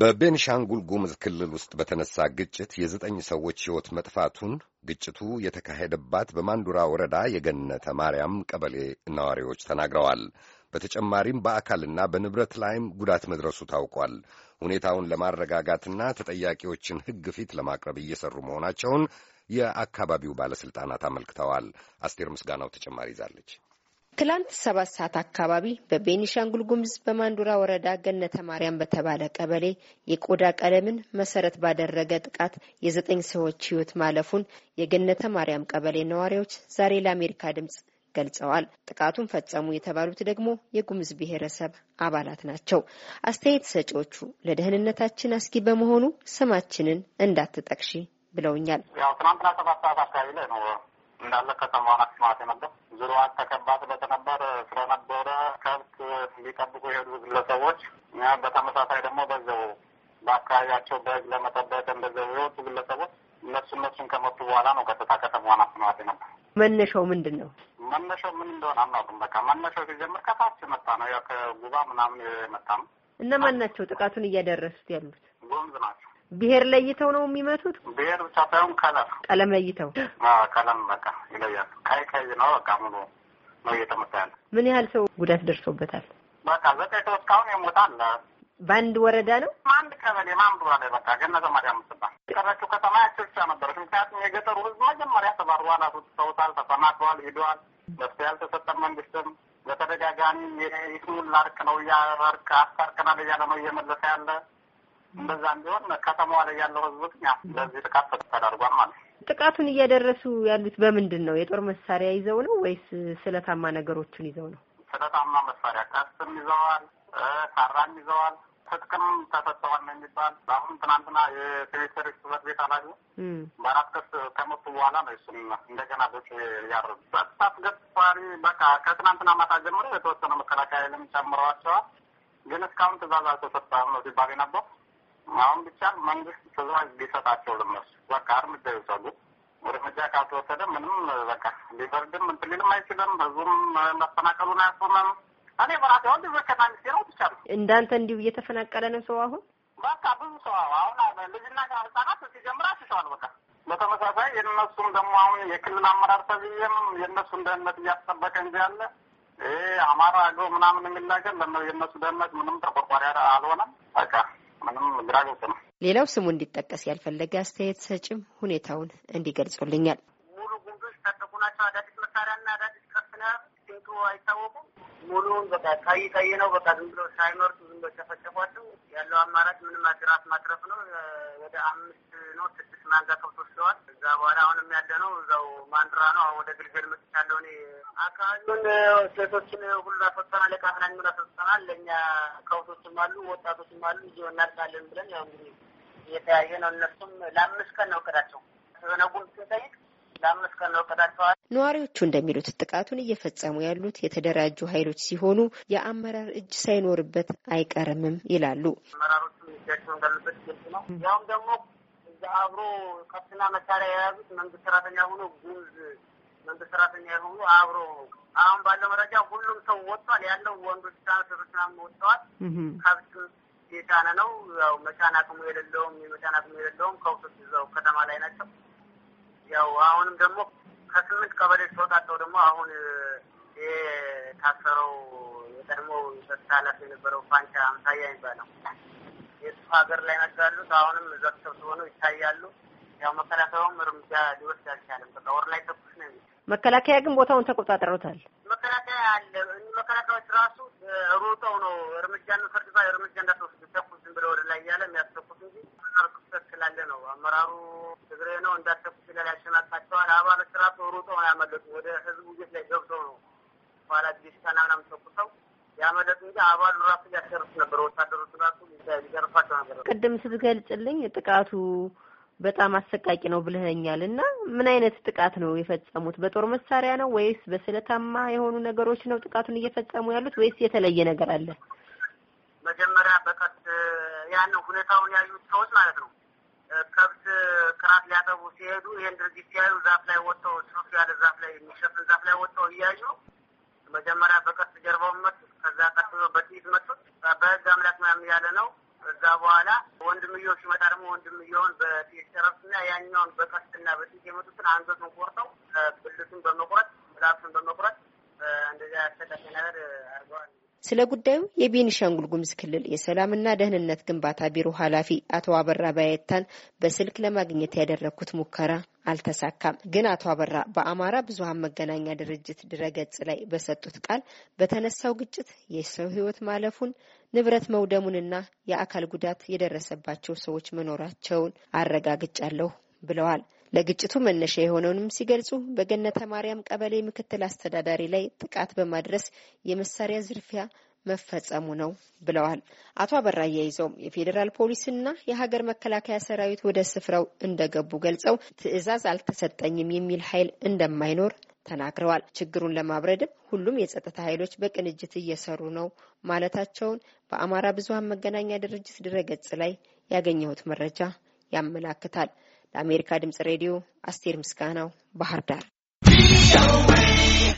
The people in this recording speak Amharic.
በቤንሻንጉል ጉሙዝ ክልል ውስጥ በተነሳ ግጭት የዘጠኝ ሰዎች ሕይወት መጥፋቱን ግጭቱ የተካሄደባት በማንዱራ ወረዳ የገነተ ማርያም ቀበሌ ነዋሪዎች ተናግረዋል። በተጨማሪም በአካልና በንብረት ላይም ጉዳት መድረሱ ታውቋል። ሁኔታውን ለማረጋጋትና ተጠያቂዎችን ሕግ ፊት ለማቅረብ እየሰሩ መሆናቸውን የአካባቢው ባለሥልጣናት አመልክተዋል። አስቴር ምስጋናው ተጨማሪ ይዛለች። ትላንት ሰባት ሰዓት አካባቢ በቤኒሻንጉል ጉሙዝ በማንዱራ ወረዳ ገነተ ማርያም በተባለ ቀበሌ የቆዳ ቀለምን መሰረት ባደረገ ጥቃት የዘጠኝ ሰዎች ሕይወት ማለፉን የገነተ ማርያም ቀበሌ ነዋሪዎች ዛሬ ለአሜሪካ ድምጽ ገልጸዋል። ጥቃቱን ፈጸሙ የተባሉት ደግሞ የጉሙዝ ብሔረሰብ አባላት ናቸው። አስተያየት ሰጪዎቹ ለደህንነታችን አስጊ በመሆኑ ስማችንን እንዳትጠቅሺ ብለውኛል። ያው ትናንትና ሰባት ሰዓት አካባቢ ላይ ነው እንዳለ ከተማዋን አስማት ነበር። ዙሪያዋን ተከባ ስለተነበር ስለነበረ ከብት ሊጠብቁ የሄዱ ግለሰቦች በተመሳሳይ ደግሞ በዘው በአካባቢያቸው በህግ ለመጠበቅ እንደዘው የወጡ ግለሰቦች እነሱ እነሱን ከመቱ በኋላ ነው ቀጥታ ከተማዋን አስማት ነበር። መነሻው ምንድን ነው? መነሻው ምን እንደሆነ አናውቅም። በቃ መነሻው ሲጀምር ከታች የመጣ ነው፣ ያ ከጉባ ምናምን የመጣ ነው። እነማን ናቸው ጥቃቱን እያደረሱት ያሉት? ጎምዝ ናቸው ብሄር ለይተው ነው የሚመቱት። ብሄር ብቻ ሳይሆን ቀለም ቀለም ለይተው ቀለም በቃ ይለያል። ቀይ ቀይ ነው በቃ ሙሉ ነው እየተመታ ያለ። ምን ያህል ሰው ጉዳት ደርሶበታል? በቃ ዘጠኝ ሰው እስካሁን የሞታል። በአንድ ወረዳ ነው አንድ ቀበሌ ማንድ ወረዳ በቃ ገነዘ ማርያም ትባል ቀረችው ከተማ ያቸው ብቻ ነበረች። ምክንያቱም የገጠሩ ህዝብ መጀመሪያ ተባሯል፣ አስወጥተውታል፣ ተፈናቅሏል፣ ሂደዋል። መፍትሄ ያልተሰጠ መንግስትም በተደጋጋሚ የኢስሙላ ላርቅ ነው እያረርቅ አስታርቀናል እያለ ነው እየመለሰ ያለ እንደዛም ቢሆን ከተማዋ ላይ ያለው ህዝብ ግን ለዚህ ጥቃት ተዳርጓል ማለት ነው። ጥቃቱን እያደረሱ ያሉት በምንድን ነው? የጦር መሳሪያ ይዘው ነው ወይስ ስለታማ ነገሮቹን ይዘው ነው? ስለታማ መሳሪያ ቀስም ይዘዋል፣ ካራም ይዘዋል፣ ትጥቅም ተሰጥተዋል ነው የሚባል። አሁን ትናንትና የሴሜስተር ጽህፈት ቤት ኃላፊ በአራት ቀስ ከመቱ በኋላ ነው እሱም እንደገና ቦ ያረዱ በጣት ገባሪ በቃ ከትናንትና ማታ ጀምሮ የተወሰነ መከላከያ ልም ጨምረዋቸዋል። ግን እስካሁን ትእዛዝ አልተሰጠም ነው ሲባል ነበር አሁን ብቻ መንግስት ትዕዛዝ ሊሰጣቸው ልነሱ በቃ እርምጃ ይውሰዱ። እርምጃ ካልተወሰደ ምንም በቃ ሊፈርድም እንትን ሊልም አይችልም። ህዝቡም መፈናቀሉን አያስቆመም። እኔ በራሴ ወንድ ዘከና ሚስቴ ነው ብቻ ነው እንዳንተ እንዲሁ እየተፈናቀለ ነው ሰው አሁን በቃ ብዙ ሰው አሁን ልጅና ህጻናት ሲጀምር አሽሸዋል በቃ በተመሳሳይ የነሱም ደግሞ አሁን የክልል አመራር ሰብዬም የእነሱን ደህንነት እያስጠበቀ እንጂ ያለ አማራ አገው ምናምን የሚል ነገር የእነሱ ደህንነት ምንም ተቆርቋሪ አልሆነም። በቃ ምንም ግራ ነው። ሌላው ስሙ እንዲጠቀስ ያልፈለገ አስተያየት ሰጭም ሁኔታውን እንዲገልጹልኛል። ሙሉ ጉንዶች ታጠቁ ናቸው። አዳዲስ መሳሪያና አዳዲስ ቀስና ሲንቱ አይታወቁም። ሙሉውን በቃ ታይ ታይ ነው። በቃ ዝም ብሎ ሳይመርጡ ዝም ብሎ ጨፈጨፏቸው። ያለው አማራጭ ምንም አድራት ማትረፍ ነው። ወደ አምስት ነው ስድስት ማንጋ ከብት ስለዋል። እዛ በኋላ አሁንም ያለ ነው እዛው ማንድራ ነው። አሁን ወደ ግልገል መጥቻለሁ እኔ። አካባቢውን ሴቶችን ሁሉ አስወጥተናል። የካፍላኝ ምን አስወጥተናል። ለእኛ ከብቶችም አሉ ወጣቶችም አሉ እዚ እናልቃለን ብለን ያው እንግዲህ እየተያየ ነው። እነሱም ለአምስት ቀን ነው እቅዳቸው ሆነ ጉም ስንጠይቅ ለአምስት ቀን ነው ወቅዳቸዋል። ነዋሪዎቹ እንደሚሉት ጥቃቱን እየፈጸሙ ያሉት የተደራጁ ኃይሎች ሲሆኑ የአመራር እጅ ሳይኖርበት አይቀርምም ይላሉ። አመራሮቹ እጃቸው እንዳለበት ግልጽ ነው። ያውም ደግሞ እዛ አብሮ ከብትና መሳሪያ የያዙት መንግስት ሰራተኛ ሆኖ ጉምዝ መንግስት ሰራተኛ የሆኑ አብሮ አሁን ባለው መረጃ ሁሉም ሰው ወጥቷል ያለው ወንዶች ሴቶችና ወጥተዋል። ከብት የጫነ ነው ያው መጫን አቅሙ የሌለውም የመጫን አቅሙ የሌለውም ከብቶች ይዘው ከተማ ላይ ናቸው። ያው አሁንም ደግሞ ከስምንት ቀበሌ ተወጣጠው ደግሞ አሁን የታሰረው የቀድሞ የጸጥታ ኃላፊ የነበረው ፋንቻ አምሳያ የሚባለው የሱ ሀገር ላይ ናቸው አሁንም እዛ ተሰብስበው ነው ይታያሉ። ያው መከላከያውም እርምጃ ሊወስድ አልቻለም። በቃ ወር ላይ ተኩስ ነው የሚ መከላከያ ግን ቦታውን ተቆጣጠሩታል። መከላከያ አለ። መከላከያዎች ራሱ ሮጠው ነው እርምጃ እንውሰድ እርምጃ እንዳ በኋላ ዲጂታል ምናምን ተኩሰው ያመለጡ እንጂ አባሉ ራሱ ሊያሸርፍ ነበር። ወታደሮች ራሱ ሊሸርፋቸው ነበር። ቅድም ስትገልጽልኝ ጥቃቱ በጣም አሰቃቂ ነው ብለኸኛል። እና ምን አይነት ጥቃት ነው የፈጸሙት? በጦር መሳሪያ ነው ወይስ በስለታማ የሆኑ ነገሮች ነው ጥቃቱን እየፈጸሙ ያሉት ወይስ የተለየ ነገር አለ? መጀመሪያ በቀት ያንን ሁኔታውን ያዩት ሰዎች ማለት ነው ከብት ክራት ሊያጠቡ ሲሄዱ ይህን ድርጊት ሲያዩ ዛፍ ላይ ወጥተው ሱፍ ያለ ዛፍ ላይ የሚሸፍን ዛፍ ላይ ወጥተው እያዩ መጀመሪያ በቀስ ጀርባው መቱት። ከዛ ቀጥሎ በጥይት መቱት። በህግ አምላክ ምናምን ያለ ነው። እዛ በኋላ ወንድምየው ሲመጣ ደግሞ ወንድምየውን በጥይት ጨረሱና ያኛውን በቀስትና በጥይት የመቱትን አንገቱን ቆርጠው ብልቱን በመቁረጥ ምላሱን በመቁረጥ እንደዚያ ያሰጠፊ ነገር አድርገዋል። ስለ ጉዳዩ የቤኒሻንጉል ጉምዝ ክልል የሰላምና ደህንነት ግንባታ ቢሮ ኃላፊ አቶ አበራ ባየታን በስልክ ለማግኘት ያደረግኩት ሙከራ አልተሳካም። ግን አቶ አበራ በአማራ ብዙሀን መገናኛ ድርጅት ድረገጽ ላይ በሰጡት ቃል በተነሳው ግጭት የሰው ህይወት ማለፉን ንብረት መውደሙንና የአካል ጉዳት የደረሰባቸው ሰዎች መኖራቸውን አረጋግጫለሁ ብለዋል። ለግጭቱ መነሻ የሆነውንም ሲገልጹ በገነተ ማርያም ቀበሌ ምክትል አስተዳዳሪ ላይ ጥቃት በማድረስ የመሳሪያ ዝርፊያ መፈጸሙ ነው ብለዋል። አቶ አበራ አያይዘውም የፌዴራል ፖሊስና የሀገር መከላከያ ሰራዊት ወደ ስፍራው እንደገቡ ገልጸው ትዕዛዝ አልተሰጠኝም የሚል ኃይል እንደማይኖር ተናግረዋል። ችግሩን ለማብረድም ሁሉም የጸጥታ ኃይሎች በቅንጅት እየሰሩ ነው ማለታቸውን በአማራ ብዙሀን መገናኛ ድርጅት ድረገጽ ላይ ያገኘሁት መረጃ ያመላክታል። ለአሜሪካ ድምጽ ሬዲዮ አስቴር ምስጋናው ባህር ዳር